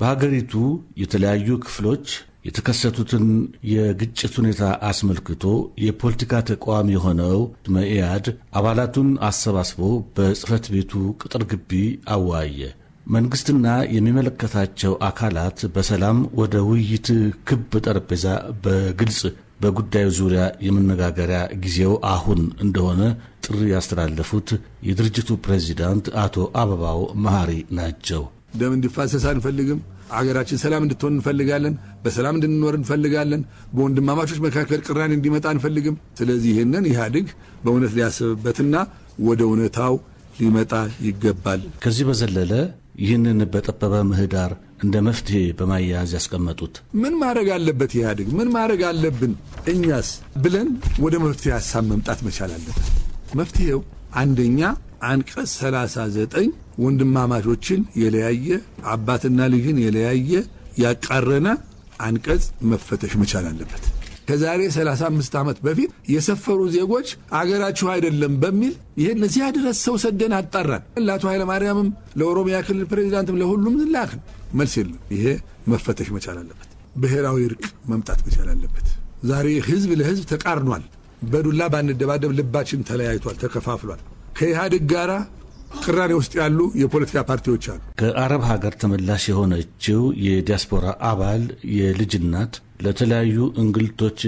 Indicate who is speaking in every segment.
Speaker 1: በሀገሪቱ የተለያዩ ክፍሎች የተከሰቱትን የግጭት ሁኔታ አስመልክቶ የፖለቲካ ተቋም የሆነው መኢአድ አባላቱን አሰባስቦ በጽህፈት ቤቱ ቅጥር ግቢ አወያየ። መንግስትና የሚመለከታቸው አካላት በሰላም ወደ ውይይት ክብ ጠረጴዛ በግልጽ በጉዳዩ ዙሪያ የመነጋገሪያ ጊዜው አሁን እንደሆነ ጥሪ ያስተላለፉት የድርጅቱ ፕሬዚዳንት አቶ አበባው መሐሪ ናቸው።
Speaker 2: ደም እንዲፋሰስ አንፈልግም። አገራችን ሰላም እንድትሆን እንፈልጋለን። በሰላም እንድንኖር እንፈልጋለን። በወንድማማቾች መካከል ቅራኔ እንዲመጣ አንፈልግም። ስለዚህ ይህንን ኢህአዴግ በእውነት ሊያስብበትና ወደ እውነታው ሊመጣ ይገባል። ከዚህ በዘለለ ይህንን በጠበበ ምህዳር
Speaker 1: እንደ መፍትሄ በማያያዝ ያስቀመጡት
Speaker 2: ምን ማድረግ አለበት ኢህአዴግ፣ ምን ማድረግ አለብን እኛስ ብለን ወደ መፍትሄ ሀሳብ መምጣት መቻል አለበት። መፍትሄው አንደኛ አንቀጽ 39 ወንድማማቾችን የለያየ አባትና ልጅን የለያየ ያቃረነ አንቀጽ መፈተሽ መቻል አለበት። ከዛሬ 35 ዓመት በፊት የሰፈሩ ዜጎች አገራችሁ አይደለም በሚል ይህን እዚያ ድረስ ሰው ሰደን አጣራን። ለአቶ ኃይለማርያምም ለኦሮሚያ ክልል ፕሬዚዳንትም ለሁሉም ዝላክ መልስ የለም። ይሄ መፈተሽ መቻል አለበት። ብሔራዊ እርቅ መምጣት መቻል አለበት። ዛሬ ህዝብ ለህዝብ ተቃርኗል። በዱላ ባንደባደብ ልባችን ተለያይቷል፣ ተከፋፍሏል። ከኢህአዴግ ጋራ ቅራኔ ውስጥ ያሉ የፖለቲካ ፓርቲዎች አሉ።
Speaker 1: ከአረብ ሀገር ተመላሽ የሆነችው የዲያስፖራ አባል የልጅ እናት ለተለያዩ እንግልቶች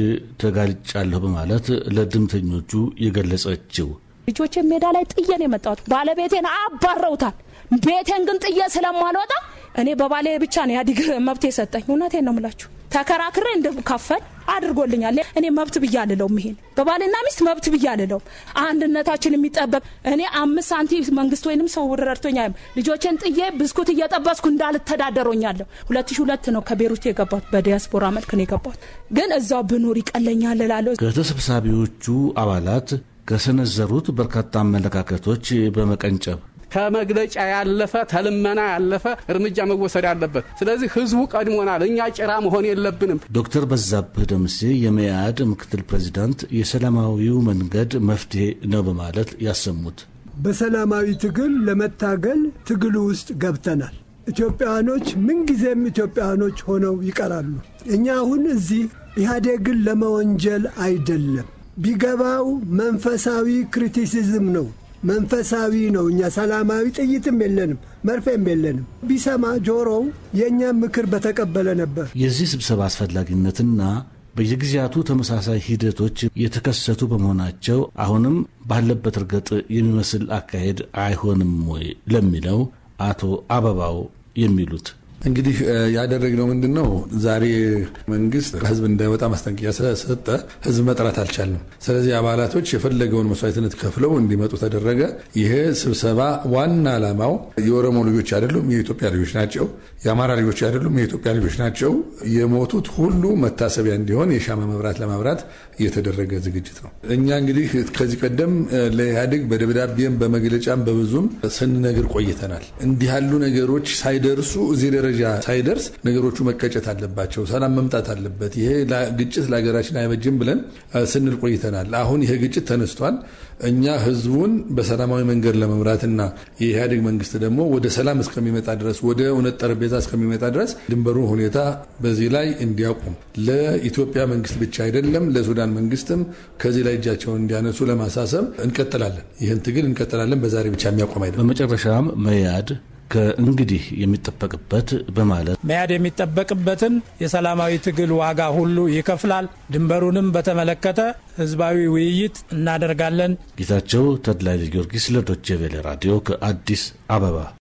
Speaker 1: ተጋልጫለሁ በማለት ለድምተኞቹ የገለጸችው
Speaker 2: ልጆቼ ሜዳ ላይ ጥየን የመጣሁት ባለቤቴን አባረውታል። ቤቴን ግን ጥዬ ስለማልወጣ እኔ በባሌ ብቻ ነው ኢህአዴግ መብት የሰጠኝ። እውነቴን ነው የምላችሁ ተከራክሬ እንድካፈል አድርጎልኛል። እኔ መብት ብዬ አልለውም። ይሄን በባልና ሚስት መብት ብዬ አልለውም። አንድነታችን የሚጠበቅ እኔ አምስት ሳንቲም መንግስት ወይንም ሰው ረድቶኛ ልጆችን ጥዬ ብስኩት እየጠበስኩ እንዳልተዳደሮኛለሁ። ሁለት ሺህ ሁለት ነው ከቤሩት የገባት በዲያስፖራ መልክ ነው የገባት። ግን እዛው ብኖር ይቀለኛል እላለሁ።
Speaker 1: ከተሰብሳቢዎቹ አባላት ከሰነዘሩት በርካታ አመለካከቶች በመቀንጨብ
Speaker 2: ከመግለጫ ያለፈ ተልመና ያለፈ እርምጃ መወሰድ አለበት። ስለዚህ ህዝቡ ቀድሞናል፣ እኛ ጭራ መሆን የለብንም።
Speaker 1: ዶክተር በዛብህ ደምሴ የመያድ ምክትል ፕሬዚዳንት የሰላማዊው መንገድ መፍትሄ ነው በማለት ያሰሙት
Speaker 2: በሰላማዊ ትግል ለመታገል ትግሉ ውስጥ ገብተናል። ኢትዮጵያውያኖች ምንጊዜም ኢትዮጵያውያኖች ሆነው ይቀራሉ። እኛ አሁን እዚህ ኢህአዴግን ለመወንጀል አይደለም። ቢገባው መንፈሳዊ ክሪቲሲዝም ነው መንፈሳዊ ነው። እኛ ሰላማዊ ጥይትም የለንም፣ መርፌም የለንም። ቢሰማ ጆሮው የእኛ ምክር በተቀበለ ነበር።
Speaker 1: የዚህ ስብሰባ አስፈላጊነትና በየጊዜያቱ ተመሳሳይ ሂደቶች የተከሰቱ በመሆናቸው አሁንም ባለበት እርገጥ የሚመስል
Speaker 2: አካሄድ አይሆንም ወይ ለሚለው አቶ አበባው የሚሉት እንግዲህ ያደረግነው ምንድን ነው? ዛሬ መንግስት ህዝብ እንዳይወጣ ማስጠንቀቂያ ስለሰጠ ህዝብ መጥራት አልቻለም። ስለዚህ አባላቶች የፈለገውን መስዋዕትነት ከፍለው እንዲመጡ ተደረገ። ይሄ ስብሰባ ዋና ዓላማው የኦሮሞ ልጆች አይደሉም፣ የኢትዮጵያ ልጆች ናቸው። የአማራ ልጆች አይደሉም፣ የኢትዮጵያ ልጆች ናቸው። የሞቱት ሁሉ መታሰቢያ እንዲሆን የሻማ መብራት ለማብራት የተደረገ ዝግጅት ነው። እኛ እንግዲህ ከዚህ ቀደም ለኢህአዴግ በደብዳቤም በመግለጫም በብዙም ስንነግር ቆይተናል። እንዲህ ያሉ ነገሮች ሳይደርሱ እዚህ ደረጃ ሳይደርስ ነገሮቹ መቀጨት አለባቸው፣ ሰላም መምጣት አለበት፣ ይሄ ግጭት ለሀገራችን አይበጅም ብለን ስንል ቆይተናል። አሁን ይሄ ግጭት ተነስቷል። እኛ ህዝቡን በሰላማዊ መንገድ ለመምራትና የኢህአዴግ መንግስት ደግሞ ወደ ሰላም እስከሚመጣ ድረስ ወደ እውነት ጠረጴዛ እስከሚመጣ ድረስ ድንበሩ ሁኔታ በዚህ ላይ እንዲያቁም ለኢትዮጵያ መንግስት ብቻ አይደለም ለሱዳን መንግስትም ከዚህ ላይ እጃቸውን እንዲያነሱ ለማሳሰብ እንቀጥላለን። ይህን ትግል እንቀጥላለን። በዛሬ ብቻ የሚያቆም አይደለም። በመጨረሻም
Speaker 1: መያድ ከእንግዲህ የሚጠበቅበት በማለት
Speaker 2: መያድ የሚጠበቅበትን የሰላማዊ ትግል ዋጋ ሁሉ ይከፍላል። ድንበሩንም በተመለከተ ህዝባዊ ውይይት እናደርጋለን።
Speaker 1: ጌታቸው ተድላይ ጊዮርጊስ ለዶቼ ቬለ ራዲዮ ከአዲስ አበባ